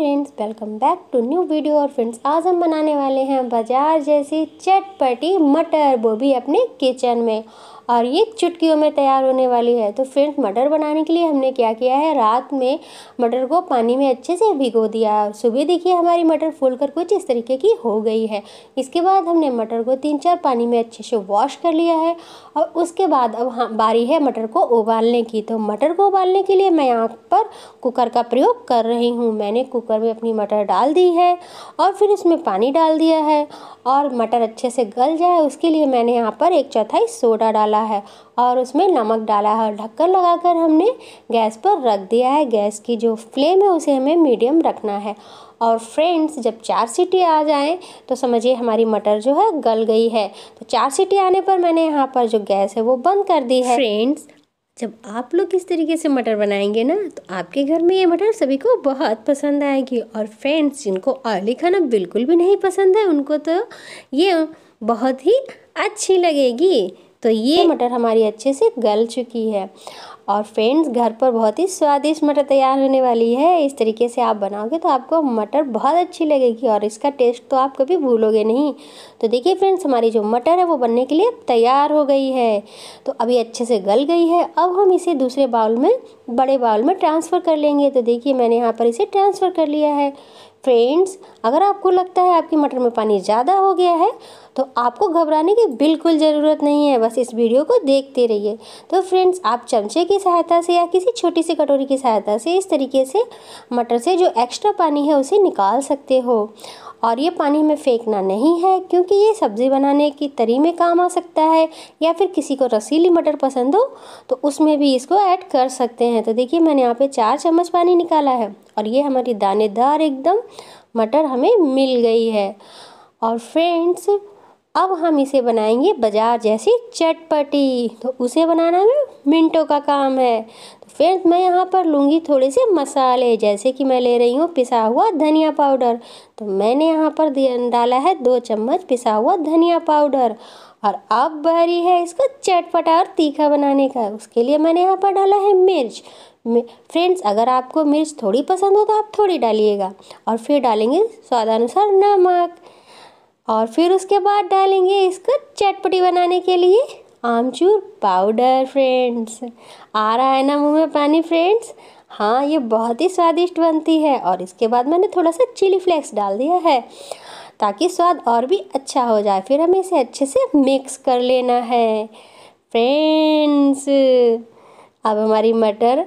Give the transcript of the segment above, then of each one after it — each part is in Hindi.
friends welcome back to new video और फ्रेंड्स आज हम बनाने वाले हैं बाजार जैसी चटपटी मटर वो भी अपने किचन में और ये चुटकियों में तैयार होने वाली है तो फ्रेंड्स मटर बनाने के लिए हमने क्या किया है रात में मटर को पानी में अच्छे से भिगो दिया सुबह देखिए हमारी मटर फूल कर कुछ इस तरीके की हो गई है इसके बाद हमने मटर को तीन चार पानी में अच्छे से वॉश कर लिया है और उसके बाद अब हाँ बारी है मटर को उबालने की तो मटर को उबालने के लिए मैं यहाँ पर कुकर का प्रयोग कर रही हूँ मैंने कुकर में अपनी मटर डाल दी है और फिर इसमें पानी डाल दिया है और मटर अच्छे से गल जाए उसके लिए मैंने यहाँ पर एक चौथाई सोडा डाला रहा है और उसमें नमक डाला है और ढक्कन लगाकर हमने गैस पर रख दिया है गैस की जो फ्लेम है उसे हमें मीडियम रखना है और फ्रेंड्स जब चार सीटी आ जाएं तो समझिए हमारी मटर जो है गल गई है तो चार सीटी आने पर मैंने यहाँ पर जो गैस है वो बंद कर दी है फ्रेंड्स जब आप लोग इस तरीके से मटर बनाएंगे ना तो आपके घर में ये मटर सभी को बहुत पसंद आएगी और फ्रेंड्स जिनको ऑयली खाना बिल्कुल भी नहीं पसंद है उनको तो ये बहुत ही अच्छी लगेगी तो ये तो मटर हमारी अच्छे से गल चुकी है और फ्रेंड्स घर पर बहुत ही स्वादिष्ट मटर तैयार होने वाली है इस तरीके से आप बनाओगे तो आपको मटर बहुत अच्छी लगेगी और इसका टेस्ट तो आप कभी भूलोगे नहीं तो देखिए फ्रेंड्स हमारी जो मटर है वो बनने के लिए तैयार हो गई है तो अभी अच्छे से गल गई है अब हम इसे दूसरे बाउल में बड़े बाउल में ट्रांसफ़र कर लेंगे तो देखिए मैंने यहाँ पर इसे ट्रांसफ़र कर लिया है फ्रेंड्स अगर आपको लगता है आपकी मटर में पानी ज़्यादा हो गया है तो आपको घबराने की बिल्कुल ज़रूरत नहीं है बस इस वीडियो को देखते रहिए तो फ्रेंड्स आप चमचे के सहायता से या किसी छोटी सी कटोरी की सहायता से इस तरीके से मटर से जो एक्स्ट्रा पानी है उसे निकाल सकते हो और ये पानी हमें फेंकना नहीं है क्योंकि ये सब्ज़ी बनाने की तरी में काम आ सकता है या फिर किसी को रसीली मटर पसंद हो तो उसमें भी इसको ऐड कर सकते हैं तो देखिए मैंने यहाँ पे चार चम्मच पानी निकाला है और ये हमारी दानेदार एकदम मटर हमें मिल गई है और फ्रेंड्स अब हम इसे बनाएंगे बाजार जैसी चटपटी तो उसे बनाना में मिनटों का काम है तो फ्रेंड्स मैं यहाँ पर लूँगी थोड़े से मसाले जैसे कि मैं ले रही हूँ पिसा हुआ धनिया पाउडर तो मैंने यहाँ पर डाला है दो चम्मच पिसा हुआ धनिया पाउडर और अब बारी है इसको चटपटा और तीखा बनाने का उसके लिए मैंने यहाँ पर डाला है मिर्च फ्रेंड्स अगर आपको मिर्च थोड़ी पसंद हो तो आप थोड़ी डालिएगा और फिर डालेंगे स्वादानुसार नमक और फिर उसके बाद डालेंगे इसको चटपटी बनाने के लिए आमचूर पाउडर फ्रेंड्स आ रहा है ना मुंह में पानी फ्रेंड्स हाँ ये बहुत ही स्वादिष्ट बनती है और इसके बाद मैंने थोड़ा सा चिली फ्लेक्स डाल दिया है ताकि स्वाद और भी अच्छा हो जाए फिर हमें इसे अच्छे से मिक्स कर लेना है फ्रेंड्स अब हमारी मटर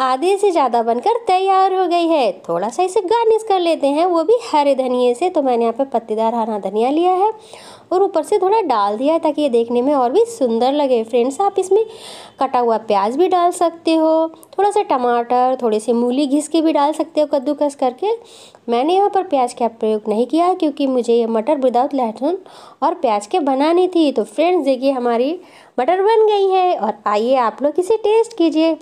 आधे से ज़्यादा बनकर तैयार हो गई है थोड़ा सा इसे गार्निश कर लेते हैं वो भी हरे धनिए से तो मैंने यहाँ पे पत्तेदार हरा धनिया लिया है और ऊपर से थोड़ा डाल दिया ताकि ये देखने में और भी सुंदर लगे फ्रेंड्स आप इसमें कटा हुआ प्याज भी डाल सकते हो थोड़ा सा टमाटर थोड़ी से मूली घिस के भी डाल सकते हो कद्दूकस करके मैंने यहाँ पर प्याज का प्रयोग नहीं किया क्योंकि मुझे ये मटर विदाउट लहसुन और प्याज के बनानी थी तो फ्रेंड्स देखिए हमारी मटर बन गई है और आइए आप लोग इसे टेस्ट कीजिए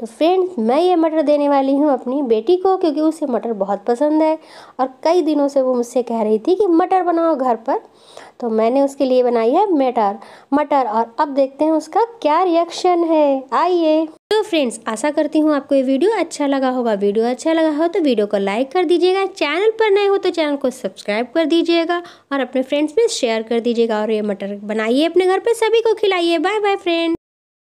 तो फ्रेंड्स मैं ये मटर देने वाली हूँ अपनी बेटी को क्योंकि उसे मटर बहुत पसंद है और कई दिनों से वो मुझसे कह रही थी कि मटर बनाओ घर पर तो मैंने उसके लिए बनाई है मटर मटर और अब देखते हैं उसका क्या रिएक्शन है आइए तो फ्रेंड्स आशा करती हूँ आपको ये वीडियो अच्छा लगा होगा वीडियो अच्छा लगा हो तो वीडियो को लाइक कर दीजिएगा चैनल पर नए हो तो चैनल को सब्सक्राइब कर दीजिएगा और अपने फ्रेंड्स में शेयर कर दीजिएगा और ये मटर बनाइए अपने घर पर सभी को खिलाइए बाय बाय फ्रेंड